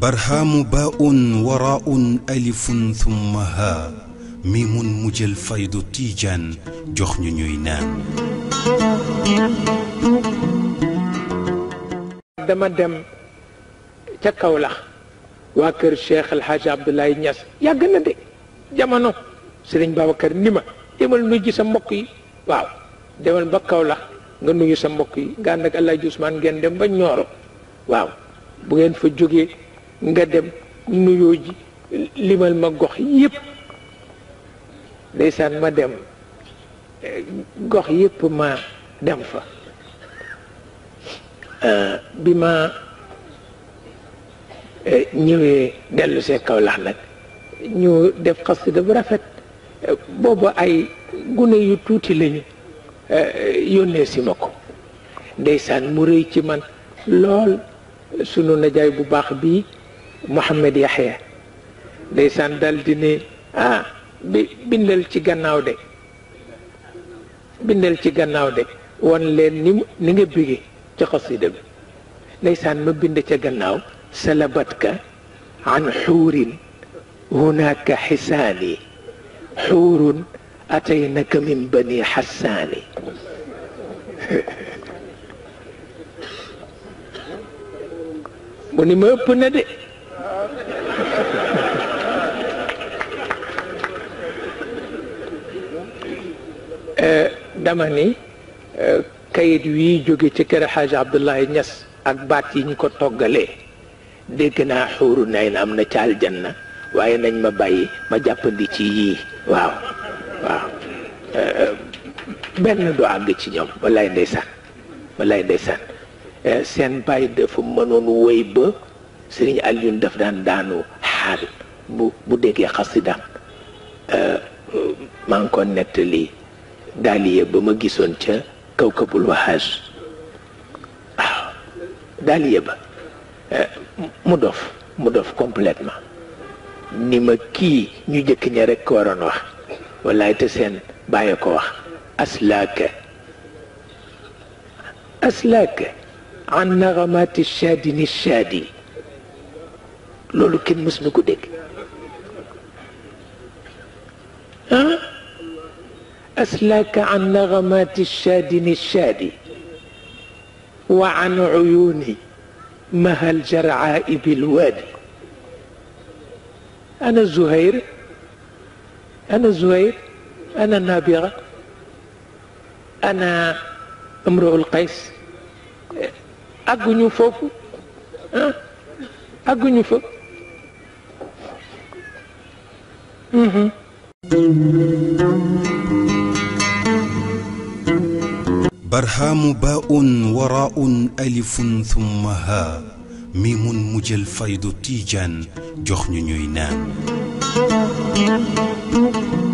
barhaamu baa'un waraa'un alifun thumma haa miimun mu jël faydu tiijaan jox ñu ñuy naan. dama dem ca kawlax waa kër Cheikh El Hadj Abdoulaye yàgg na de jamono Serigne Babacar ni ma demal nuyu sa mbokk yi waaw demal ba Kaolack. nga nuyu sa mbokk yi nga ànd ak Alaaji ngeen dem ba Ñooro waaw bu ngeen fa jógee nga dem nuyoo ji limal ma gox yëpp ndeysaan ma dem gox yëpp ma dem fa euh, bi ma euh, ñëwee dellu see Kawlax nag ñu def xasida bu rafet boobu ay gune yu tuuti lañu Eh, yónnee si ma ko ndeysaan mu rëy ci man lool sunu najaay bu baax bii Mouhamed Yaxya ndeysaan dal di ah bi bindal ci gannaaw de bindal ci gannaaw de wan leen ni ni nga bige ci xasida bi ndeysaan ma bind ca gannaaw salabatka an xuurin hunaka xisaani xuurun ataynaka min bani xassaani mu ni ma ëpp na de eh, dama ni eh, kayit wi jóge ci kër xaaj Abdoulaye Niass ak baat yi ñu ko toggalee dégg naa xuuru nay na am na caal janna waaye nañ ma bàyyi ma jàppandi ci yii waaw waaw eh, benn du àgg ci ñoom wallaay ndeysaan wallaay ndeysaan eh, seen bàyyi dafa mënoon wéy ba Serigne Alioune daf daanu xaal bu bu déggee xasidaam eh, maa ngi nettali daaliye ba ma gisoon ca kaw kabul waxaaj waaw daaliye ba mu dof mu dof complètement ni ma kii ñu jëkk ña rekk ko waroon wax والله تسين بايك أسلاك أسلاك عن نغمات الشادي الشادي لولو كن مسنكو ديك ها أسلاك عن نغمات الشادي الشادي وعن عيوني مهل جرعاء بالوادي أنا زهير أنا زهير أنا النابغة أنا امرؤ القيس أقني فوفو أقني فوفو برهام باء وراء ألف ثم ها ميم مجل فيض تيجان جخن نينان thank